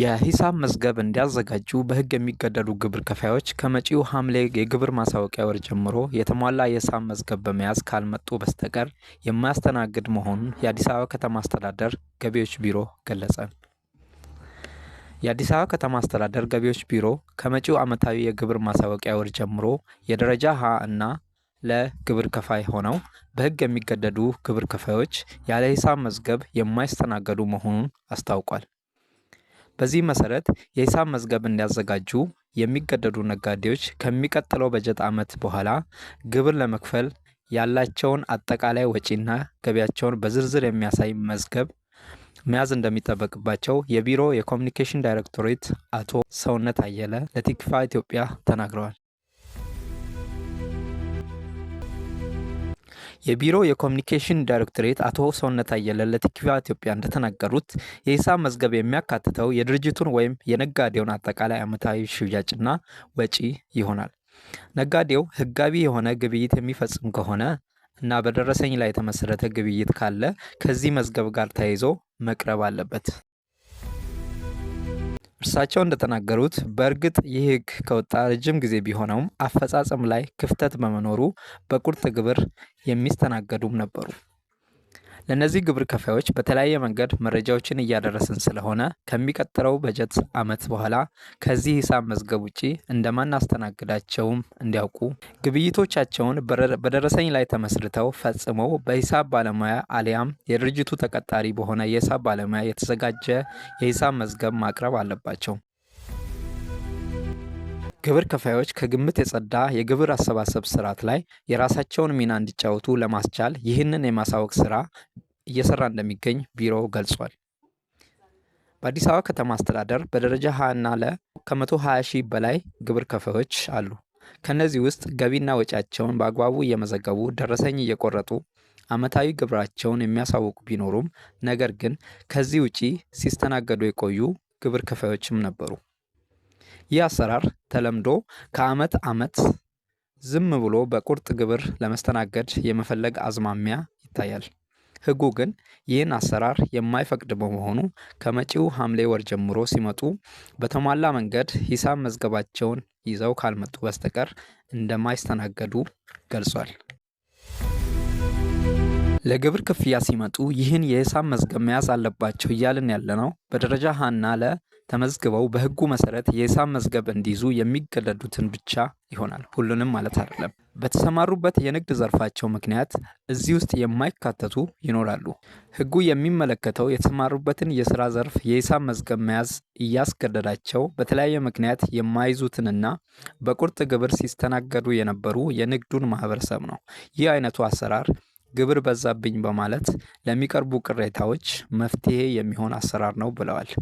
የሂሳብ መዝገብ እንዲያዘጋጁ በሕግ የሚገደዱ ግብር ከፋዮች ከመጪው ሐምሌ የግብር ማሳወቂያ ወር ጀምሮ የተሟላ የሂሳብ መዝገብ በመያዝ ካልመጡ በስተቀር የማያስተናግድ መሆኑን የአዲስ አበባ ከተማ አስተዳደር ገቢዎች ቢሮ ገለጸ። የአዲስ አበባ ከተማ አስተዳደር ገቢዎች ቢሮ ከመጪው ዓመታዊ የግብር ማሳወቂያ ወር ጀምሮ የደረጃ ሀ እና ለግብር ከፋይ ሆነው በሕግ የሚገደዱ ግብር ከፋዮች ያለ ሂሳብ መዝገብ የማይስተናገዱ መሆኑን አስታውቋል። በዚህ መሰረት የሂሳብ መዝገብ እንዲያዘጋጁ የሚገደዱ ነጋዴዎች ከሚቀጥለው በጀት ዓመት በኋላ ግብር ለመክፈል ያላቸውን አጠቃላይ ወጪና ገቢያቸውን በዝርዝር የሚያሳይ መዝገብ መያዝ እንደሚጠበቅባቸው የቢሮ የኮሚኒኬሽን ዳይሬክቶሬት አቶ ሰውነት አየለ ለቲክፋ ኢትዮጵያ ተናግረዋል። የቢሮ የኮሚኒኬሽን ዳይሬክቶሬት አቶ ሰውነት አየለ ለቲክቫ ኢትዮጵያ እንደተናገሩት የሂሳብ መዝገብ የሚያካትተው የድርጅቱን ወይም የነጋዴውን አጠቃላይ ዓመታዊ ሽያጭና ወጪ ይሆናል። ነጋዴው ህጋቢ የሆነ ግብይት የሚፈጽም ከሆነ እና በደረሰኝ ላይ የተመሰረተ ግብይት ካለ ከዚህ መዝገብ ጋር ተያይዞ መቅረብ አለበት። እርሳቸው እንደተናገሩት በእርግጥ ይህ ህግ ከወጣ ረጅም ጊዜ ቢሆነውም አፈጻጸም ላይ ክፍተት በመኖሩ በቁርጥ ግብር የሚስተናገዱም ነበሩ። ለእነዚህ ግብር ከፋዮች በተለያየ መንገድ መረጃዎችን እያደረስን ስለሆነ ከሚቀጥለው በጀት ዓመት በኋላ ከዚህ ሂሳብ መዝገብ ውጪ እንደማናስተናግዳቸውም እንዲያውቁ ግብይቶቻቸውን በደረሰኝ ላይ ተመስርተው ፈጽመው በሂሳብ ባለሙያ አሊያም የድርጅቱ ተቀጣሪ በሆነ የሂሳብ ባለሙያ የተዘጋጀ የሂሳብ መዝገብ ማቅረብ አለባቸው። ግብር ከፋዮች ከግምት የጸዳ የግብር አሰባሰብ ስርዓት ላይ የራሳቸውን ሚና እንዲጫወቱ ለማስቻል ይህንን የማሳወቅ ስራ እየሰራ እንደሚገኝ ቢሮው ገልጿል። በአዲስ አበባ ከተማ አስተዳደር በደረጃ ሀ እና ለ ከ120 ሺህ በላይ ግብር ከፋዮች አሉ። ከእነዚህ ውስጥ ገቢና ወጪያቸውን በአግባቡ እየመዘገቡ ደረሰኝ እየቆረጡ ዓመታዊ ግብራቸውን የሚያሳውቁ ቢኖሩም ነገር ግን ከዚህ ውጪ ሲስተናገዱ የቆዩ ግብር ከፋዮችም ነበሩ። ይህ አሰራር ተለምዶ ከዓመት አመት ዝም ብሎ በቁርጥ ግብር ለመስተናገድ የመፈለግ አዝማሚያ ይታያል። ህጉ ግን ይህን አሰራር የማይፈቅድ በመሆኑ ከመጪው ሐምሌ ወር ጀምሮ ሲመጡ በተሟላ መንገድ ሂሳብ መዝገባቸውን ይዘው ካልመጡ በስተቀር እንደማይስተናገዱ ገልጿል። ለግብር ክፍያ ሲመጡ ይህን የሂሳብ መዝገብ መያዝ አለባቸው እያልን ያለነው በደረጃ ሀና ለ ተመዝግበው በህጉ መሰረት የሂሳብ መዝገብ እንዲይዙ የሚገደዱትን ብቻ ይሆናል። ሁሉንም ማለት አይደለም። በተሰማሩበት የንግድ ዘርፋቸው ምክንያት እዚህ ውስጥ የማይካተቱ ይኖራሉ። ህጉ የሚመለከተው የተሰማሩበትን የስራ ዘርፍ የሂሳብ መዝገብ መያዝ እያስገደዳቸው በተለያየ ምክንያት የማይዙትንና በቁርጥ ግብር ሲስተናገዱ የነበሩ የንግዱን ማህበረሰብ ነው። ይህ አይነቱ አሰራር ግብር በዛብኝ በማለት ለሚቀርቡ ቅሬታዎች መፍትሄ የሚሆን አሰራር ነው ብለዋል።